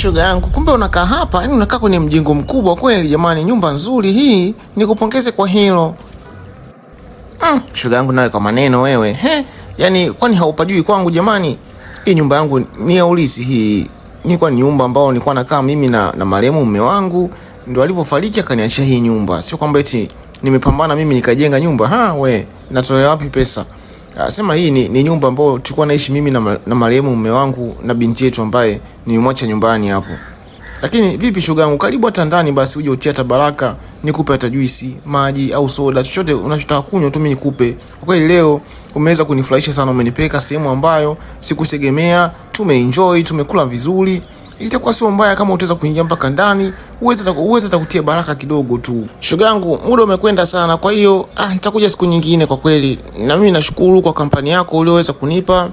shoga yangu, kumbe unakaa hapa? Yaani unakaa kwenye mjengo mkubwa kweli jamani, nyumba nzuri hii, nikupongeze kwa hilo. Mm, shoga yangu nawe kwa maneno wewe. He? Yaani kwani haupajui kwangu jamani? Hii nyumba yangu ni ya ulisi hii. Ni kwa nyumba ambao nilikuwa nakaa mimi na, na marehemu mume wangu ndio alivyofariki akaniachia hii nyumba. Sio kwamba eti nimepambana mimi nikajenga nyumba. Ha we, natoa wapi pesa? Asema hii ni, ni nyumba ambayo tulikuwa naishi mimi na, na marehemu mume wangu na binti yetu ambaye nilimwacha nyumbani hapo. Lakini vipi shoga yangu, karibu hata ndani basi uje utie hata baraka, nikupe hata juisi, maji au soda, chochote unachotaka kunywa tu mimi nikupe. Kwa kweli leo umeweza kunifurahisha sana, umenipeleka sehemu ambayo sikutegemea, tumeenjoy, tumekula vizuri itakuwa sio mbaya kama utaweza kuingia mpaka ndani, uweze uweze takutia baraka kidogo tu. Shoga yangu, muda umekwenda sana, kwa hiyo ah, nitakuja siku nyingine. Kwa kweli na mimi nashukuru kwa kampani yako ulioweza kunipa,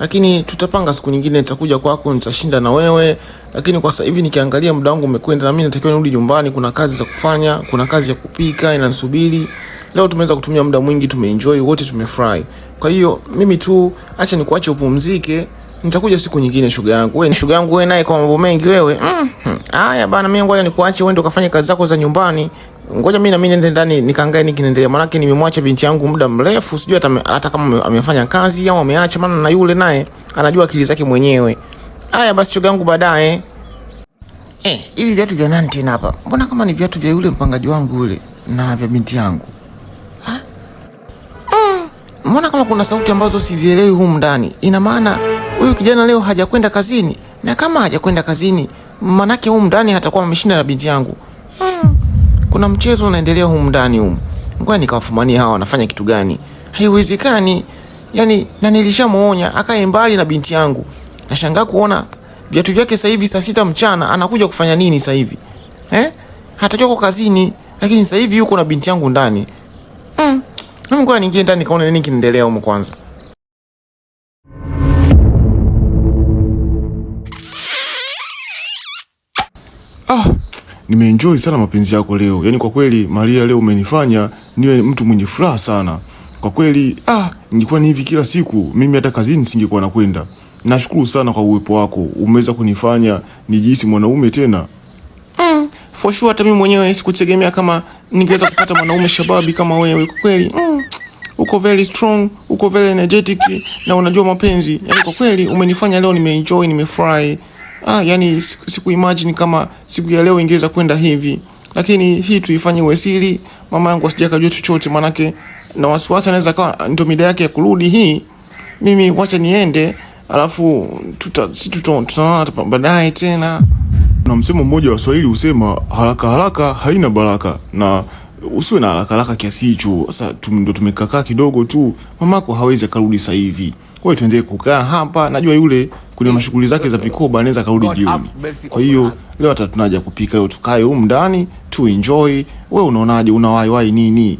lakini tutapanga siku nyingine, nitakuja kwako, nitashinda na wewe. Lakini kwa sasa hivi nikiangalia muda wangu umekwenda, na mimi natakiwa nirudi nyumbani, kuna kazi za kufanya, kuna kazi ya kupika inanisubiri. Leo tumeweza kutumia muda mwingi, tumeenjoy wote, tumefurahi. Kwa hiyo mimi tu acha nikuache upumzike. Nitakuja siku nyingine, shuga yangu. Wewe shuga yangu, wewe naye kwa mambo mengi wewe. Haya Mm. Haya bana, mimi ngoja nikuache uende ukafanye kazi zako za nyumbani. Ngoja mimi na mimi nende ndani nikaangae nikinaendelea. Maana yake nimemwacha binti yangu muda mrefu, sijui hata hata kama amefanya kazi au ameacha, maana na yule naye anajua akili zake mwenyewe. Haya basi, shuga yangu, baadaye. Eh, hivi viatu vya nani tena hapa? Mbona kama ni viatu vya yule mpangaji wangu yule na vya binti yangu? Ha? Mm. Mbona kama kuna sauti ambazo sizielewi humu ndani? Ina maana huyu kijana leo hajakwenda kazini, na kama hajakwenda kazini, manake humu ndani hatakuwa ameshinda na binti yangu. Hmm, kuna mchezo unaendelea humu ndani humu. Ngoja nikawafumanie hawa wanafanya kitu gani? Haiwezekani yani, na nilishamuonya akae mbali na binti yangu. Nashangaa kuona viatu vyake sasa hivi saa sita mchana anakuja kufanya nini sasa hivi eh? Hatakiwa kwa kazini, lakini sasa hivi yuko na binti yangu ndani. Mm, ngoja niingie ndani kaone nini kinaendelea huko kwanza. nimeenjoy sana mapenzi yako leo. Yaani kwa kweli Maria, leo umenifanya niwe mtu mwenye furaha sana. Kwa kweli ah, ningekuwa ni hivi kila siku, mimi hata kazini singekuwa nakwenda. Nashukuru sana kwa uwepo wako, umeweza kunifanya nijihisi mwanaume tena. Mm, for sure hata mimi mwenyewe sikutegemea kama ningeweza kupata mwanaume shababi kama wewe. Kwa kweli mm, uko very strong, uko very energetic na unajua mapenzi. Yaani kwa kweli umenifanya leo nimeenjoy, nimefurahi ah, yani siku imagine kama siku ya leo ingeweza kwenda hivi, lakini hii tuifanye iwe mama yangu asije akajua chochote, manake na wasiwasi anaweza kawa ndio mida yake ya kurudi hii. Mimi wacha niende, alafu tuta si tutaona baadaye tena. Na msemo mmoja wa Kiswahili husema haraka haraka haina baraka, na usiwe na haraka haraka kiasi hicho. Sasa ndo tumekaa kidogo tu, mamako hawezi akarudi sasa hivi kwa hiyo tuendelee kukaa hapa. Najua yule kuna mashughuli zake za vikoba, anaweza karudi jioni. Kwa hiyo leo hata tunaja kupika, leo tukae huko ndani tu enjoy. Wewe unaonaje? Una wai wai nini?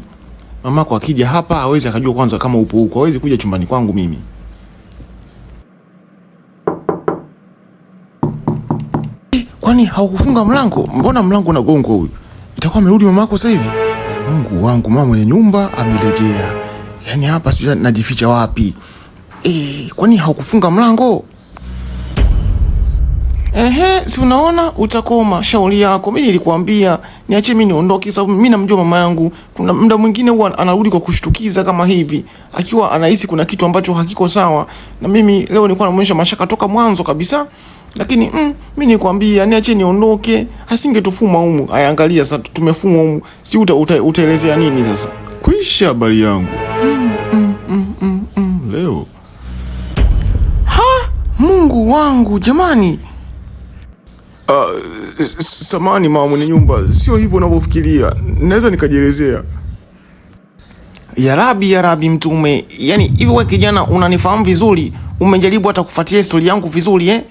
Mama kwa akija hapa hawezi akajua kwanza kama upo huko, hawezi kuja chumbani kwangu mimi. Kwani haukufunga mlango? Mbona mlango unagongwa huyu? Itakuwa amerudi mamako sasa hivi. Mungu wangu, mama mwenye nyumba amerejea. Yaani hapa sijui najificha wapi. Eh, kwani haukufunga mlango? Ehe, si unaona utakoma, shauri yako. Mimi nilikwambia niache mimi niondoke, sababu mimi namjua mama yangu. Kuna muda mwingine huwa anarudi kwa kushtukiza kama hivi, akiwa anahisi kuna kitu ambacho hakiko sawa. Na mimi leo nilikuwa namuonyesha mashaka toka mwanzo kabisa, lakini mm, mimi nilikwambia niache niondoke, asingetufuma humu. Haya, angalia sasa, tumefumwa humu, si utaelezea uta, uta nini sasa? Kuisha habari yangu. Mungu wangu jamani! Uh, samani mama mwenye nyumba, sio hivyo unavyofikiria. Naweza nikajielezea. Yarabi, yarabi Mtume, yaani hivi wewe kijana unanifahamu vizuri, umejaribu hata kufuatilia historia yangu vizuri eh?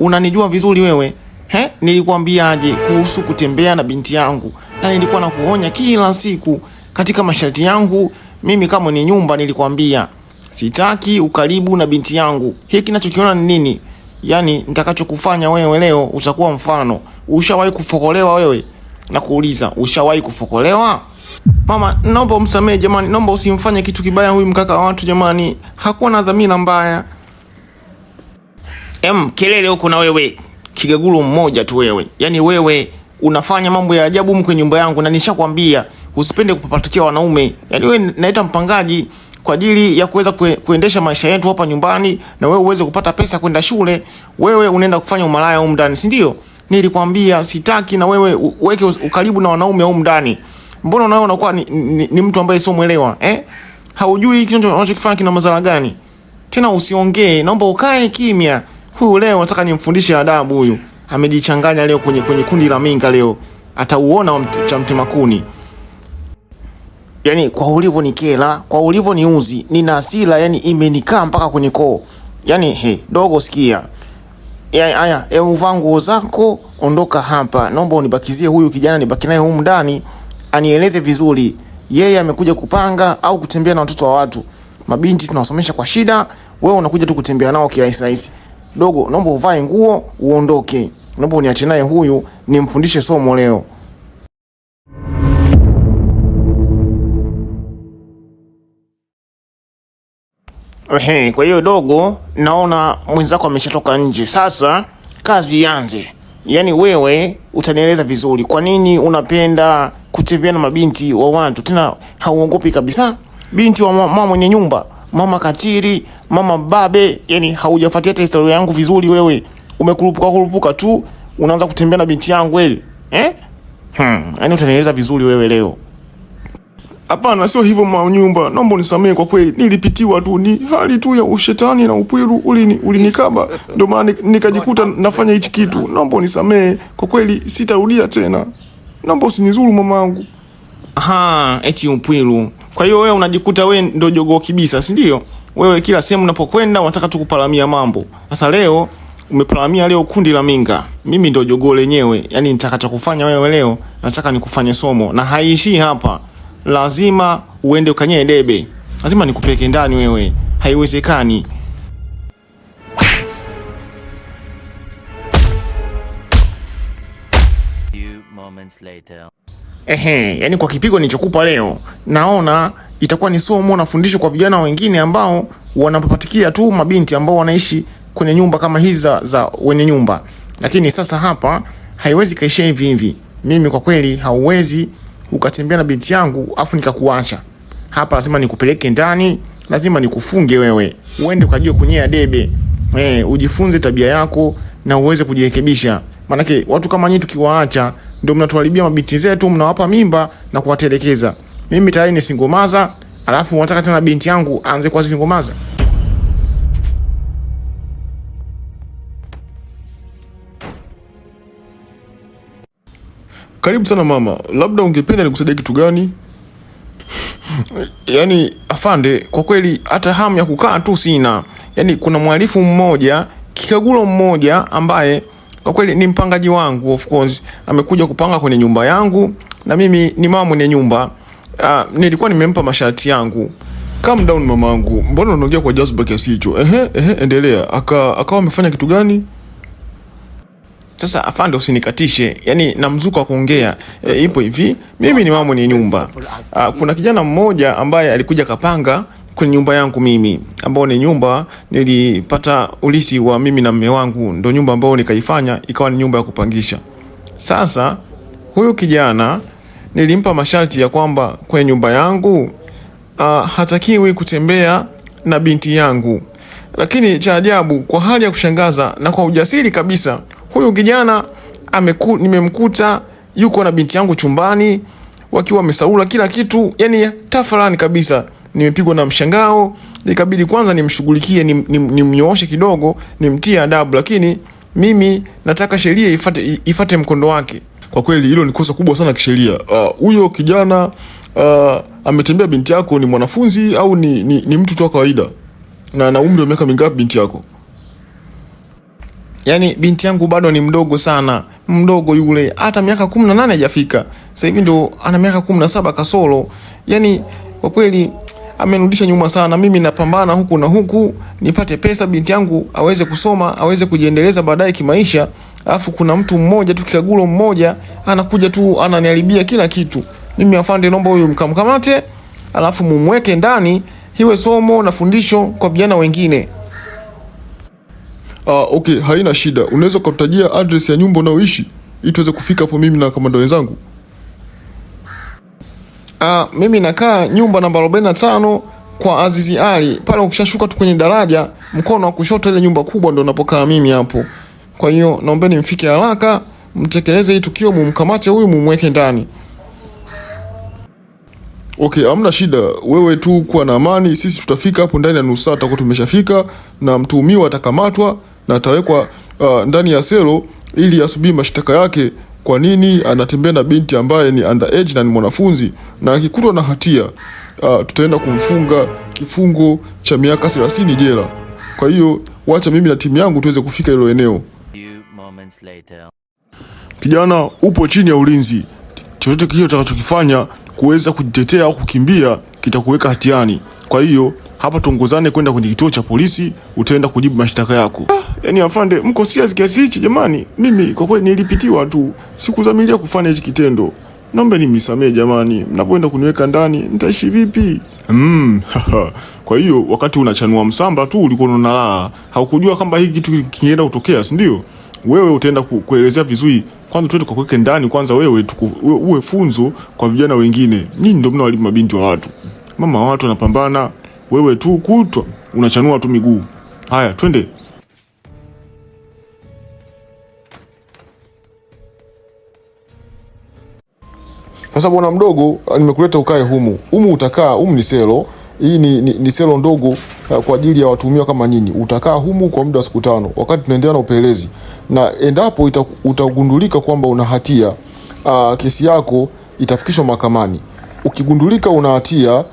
Unanijua vizuri wewe he? Nilikwambiaje kuhusu kutembea na binti yangu, na nilikuwa nakuonya kila siku katika masharti yangu mimi kama ni nyumba, nilikwambia Sitaki ukaribu na binti yangu. Hiki kinachokiona ni nini? Yaani nitakachokufanya wewe leo utakuwa mfano. Ushawahi kufokolewa wewe? Nakuuliza, ushawahi kufokolewa? Mama, naomba umsamehe jamani, naomba usimfanye kitu kibaya huyu mkaka wa watu jamani, hakuwa na dhamira mbaya. Em, kelele huko na wewe, kigaguru mmoja tu wewe. Yaani wewe unafanya mambo ya ajabu mko nyumba yangu, na nishakwambia usipende kupapatukia wanaume. Yaani wewe naita mpangaji kwa ajili ya kuweza kuendesha maisha yetu hapa nyumbani, na wewe uweze kupata pesa kwenda shule. Wewe unaenda kufanya umalaya huko ndani, si ndio? Nilikwambia sitaki, na wewe uweke ukaribu na wanaume huko ndani. Mbona unaona unakuwa ni, ni, ni mtu ambaye sio mwelewa eh? Haujui hiki unachokifanya kina madhara gani? Tena usiongee, naomba ukae kimya. Huyu leo nataka nimfundishe adabu. Huyu amejichanganya leo kwenye, kwenye kundi la Minga leo atauona cha mtemakuni yani kwa ulivyo ni kela, kwa ulivyo ni uzi, nina hasira yani imenikaa mpaka kwenye koo. Yani he, dogo sikia. yani, aya hebu vaa nguo zako, ondoka hapa. Naomba unibakizie huyu kijana nibaki naye humu ndani, anieleze vizuri. Yeye amekuja kupanga au kutembea na watoto wa watu. Mabinti tunawasomesha kwa shida, wewe unakuja tu kutembea nao kirahisi rahisi. Dogo, naomba uvae nguo uondoke. Naomba uniache naye huyu nimfundishe somo leo. Ehe, kwa hiyo dogo, naona mwenzako ameshatoka nje. Sasa kazi ianze. Yaani wewe utanieleza vizuri kwa nini unapenda kutembea na mabinti wa watu, tena hauogopi kabisa binti wa mama mwenye nyumba, mama katiri, mama babe. Yani haujafuatia hata historia yangu vizuri, wewe umekurupuka kurupuka tu unaanza kutembea na binti yangu wewe eh? Hmm, yani utanieleza vizuri wewe leo. Hapana, sio hivyo nyumba, naomba unisamehe kwa kweli, nilipitiwa tu, ni hali tu ya ushetani na upwiru ulini ulinikaba, ndio maana nikajikuta nafanya hichi kitu. Naomba unisamehe kwa kweli, sitarudia tena, naomba usinizuru mamangu. Aha, eti upwiru. Kwa hiyo wewe unajikuta wewe ndio jogoo kibisa, si ndio? Wewe kila sehemu unapokwenda unataka tu kupalamia mambo. Sasa leo umepalamia leo kundi la Minga, mimi ndio jogoo lenyewe. Yaani nitakata kufanya wewe leo, nataka nikufanye somo, na haiishii hapa lazima uende ukanyee debe, lazima nikupeke ndani wewe, haiwezekani. Ehe, yani kwa kipigo nilichokupa leo, naona itakuwa ni somo na fundisho kwa vijana wengine ambao wanapapatikia tu mabinti ambao wanaishi kwenye nyumba kama hizi za, za wenye nyumba. Lakini sasa hapa haiwezi kaishia hivi hivi. Mimi kwa kweli hauwezi ukatembea na binti yangu afu nikakuacha hapa, lazima nikupeleke ndani, lazima nikufunge wewe, uende ukajue kunyea debe eh, ujifunze tabia yako na uweze kujirekebisha. Maanake watu kama nyinyi tukiwaacha, ndio mnatuharibia mabinti zetu, mnawapa mimba na kuwatelekeza. Mimi tayari ni singomaza, alafu unataka tena binti yangu aanze kuwa singomaza. Karibu sana mama, labda ungependa nikusaidie kitu gani? Yaani afande, kwa kweli hata hamu ya kukaa tu sina. Yaani kuna mwalifu mmoja kikagulo mmoja ambaye kwa kweli ni mpangaji wangu, of course amekuja kupanga kwenye nyumba yangu, na mimi ni mama mwenye nyumba. Uh, nilikuwa nimempa masharti yangu. Calm down mamangu, mbona unaongea kwa jazba kiasi hicho? Ehe, ehe, endelea. Aka akawa amefanya kitu gani? Sasa afande, usinikatishe, yani na mzuko wa kuongea e, ipo hivi. Mimi ni mama ni nyumba a, kuna kijana mmoja ambaye alikuja kapanga kwenye nyumba yangu mimi, ambao ni nyumba nilipata ulisi wa mimi na mme wangu, ndo nyumba ambayo nikaifanya ikawa ni nyumba ya kupangisha. Sasa huyu kijana nilimpa masharti ya kwamba kwenye nyumba yangu uh, hatakiwi kutembea na binti yangu, lakini cha ajabu, kwa hali ya kushangaza na kwa ujasiri kabisa huyu kijana ameku, nimemkuta yuko na binti yangu chumbani wakiwa wamesaula kila kitu, yani tafarani kabisa. Nimepigwa na mshangao, nikabidi kwanza nimshughulikie, nimnyooshe nim, kidogo, nimtie adabu, lakini mimi nataka sheria ifate, ifate mkondo wake. Kwa kweli hilo ni kosa kubwa sana kisheria. Ah, huyo uh, kijana uh, ametembea binti yako, ni mwanafunzi au ni, ni, ni mtu tu kawaida? Na na umri wa miaka mingapi binti yako? yani binti yangu bado ni mdogo sana, mdogo yule, hata miaka kumi na nane hajafika. Sasa hivi ndio ana miaka kumi na saba kasoro. Yani kwa kweli amenudisha nyuma sana. Mimi napambana huku na huku nipate pesa, binti yangu aweze kusoma, aweze kujiendeleza baadaye kimaisha. Alafu kuna mtu mmoja tu kikagulo mmoja anakuja tu ananiharibia kila kitu. Mimi afande, naomba huyu mkamkamate, alafu mumweke ndani, hiwe somo na fundisho kwa vijana wengine. Ah, okay, haina shida. Unaweza kutajia address ya nyumba unaoishi ili tuweze kufika hapo mimi na kamanda wenzangu. Ah, mimi nakaa nyumba namba 45 kwa Azizi Ali. Pale ukishashuka tu kwenye daraja mkono wa kushoto, ile nyumba kubwa ndio napokaa mimi hapo. Kwa hiyo naombeni mfike haraka, mtekeleze hii tukio, mumkamate huyu, mumweke ndani. Okay, hamna shida. Wewe tu kuwa na amani, sisi tutafika hapo ndani ya nusu saa, tutakuwa tumeshafika na mtuhumiwa atakamatwa na atawekwa uh, ndani ya selo ili asubiri mashtaka yake, kwa nini anatembea na binti ambaye ni underage na ni mwanafunzi, na akikutwa na hatia uh, tutaenda kumfunga kifungo cha miaka 30 jela. Kwa hiyo wacha mimi na timu yangu tuweze kufika hilo eneo. Kijana, upo chini ya ulinzi. Chochote kile utakachokifanya kuweza kujitetea au kukimbia kitakuweka hatiani. Kwa hiyo hapa tuongozane kwenda kwenye kituo cha polisi, utaenda kujibu mashtaka yako. Ah, yani afande, mko serious kiasi hichi jamani? Mimi kwa kweli nilipitiwa tu, sikudhamiria kufanya hichi kitendo. Naomba nimnisamee jamani, mnapoenda kuniweka ndani nitaishi vipi? Mm, kwa hiyo wakati unachanua msamba tu ulikuwa unalala, haukujua kwamba hii kitu kingeenda kutokea, si ndio? Wewe utaenda kuelezea vizuri kwanza tuende kwa kuweke ndani kwanza, wewe uwe funzo kwa vijana wengine. Nyinyi ndio mnawalipa mabinti wa watu. Mama wa watu wanapambana, wewe tu kutwa unachanua tu miguu. Haya, twende. Sasa bwana mdogo, eh, nimekuleta ukae humu. Humu utakaa, humu ni selo. Hii ni, ni, ni selo ndogo eh, kwa ajili ya watumiwa kama nyinyi. Utakaa humu kwa muda wa siku tano, wakati tunaendelea na upelelezi, na endapo ita, utagundulika kwamba una hatia, ah, kesi yako itafikishwa mahakamani. Ukigundulika una hatia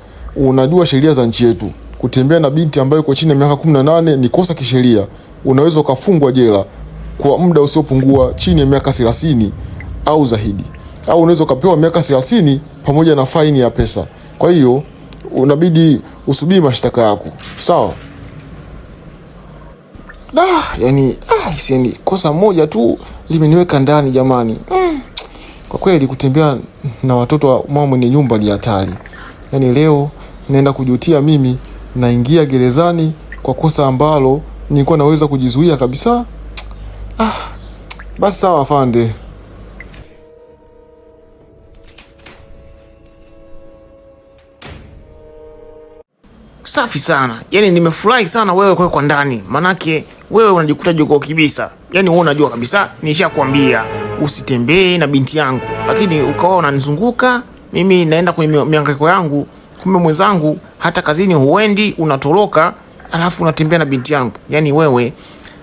unajua sheria za nchi yetu. Kutembea na binti ambayo iko chini ya miaka 18 ni kosa kisheria, unaweza ukafungwa jela kwa muda usiopungua chini ya miaka 30 au zaidi, au unaweza ukapewa miaka 30 pamoja na faini ya pesa. Kwa hiyo unabidi usubiri mashtaka yako, sawa? Da, yani ah, isieni kosa moja tu limeniweka ndani jamani. Mm. Kwa kweli kutembea na watoto wa mama mwenye nyumba ni hatari. Yaani leo naenda kujutia mimi naingia gerezani kwa kosa ambalo nilikuwa naweza kujizuia kabisa. Ah, basi sawa afande. Safi sana. yani nimefurahi sana wewe kwa ndani. Manake wewe unajikuta joko kibisa yani wewe unajua kabisa nishakwambia usitembee na binti yangu. Lakini ukawa unanizunguka mimi naenda kwenye miangaiko yangu kumbe mwenzangu hata kazini huendi, unatoroka alafu unatembea na binti yangu, yani wewe.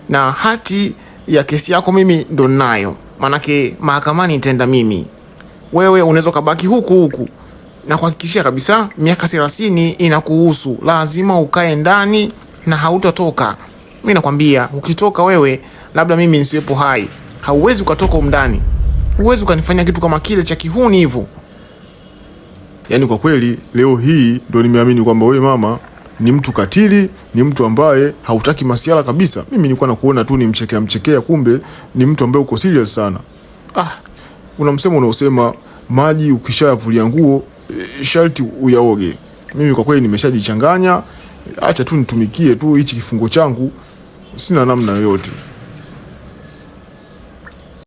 Na hati ya kesi yako mimi ndo ninayo, manake mahakamani nitaenda mimi. Wewe unaweza ukabaki huku huku, na kuhakikishia kabisa miaka thelathini inakuhusu, lazima ukae ndani na hautatoka. Mimi nakwambia, ukitoka wewe labda mimi nisiwepo hai. Hauwezi ukatoka umndani, huwezi ukanifanya kitu kama kile cha kihuni hivyo. Yaani kwa kweli leo hii ndo nimeamini kwamba wewe mama ni mtu katili, ni mtu ambaye hautaki masiala kabisa. Mimi nilikuwa nakuona tu ni mchekea mchekea, kumbe ni mtu ambaye uko serious sana. Ah, kuna msemo unaosema maji ukishayavulia nguo eh, sharti uyaoge. Mimi kwa kweli nimeshajichanganya, acha tu nitumikie tu hichi kifungo changu, sina namna yoyote.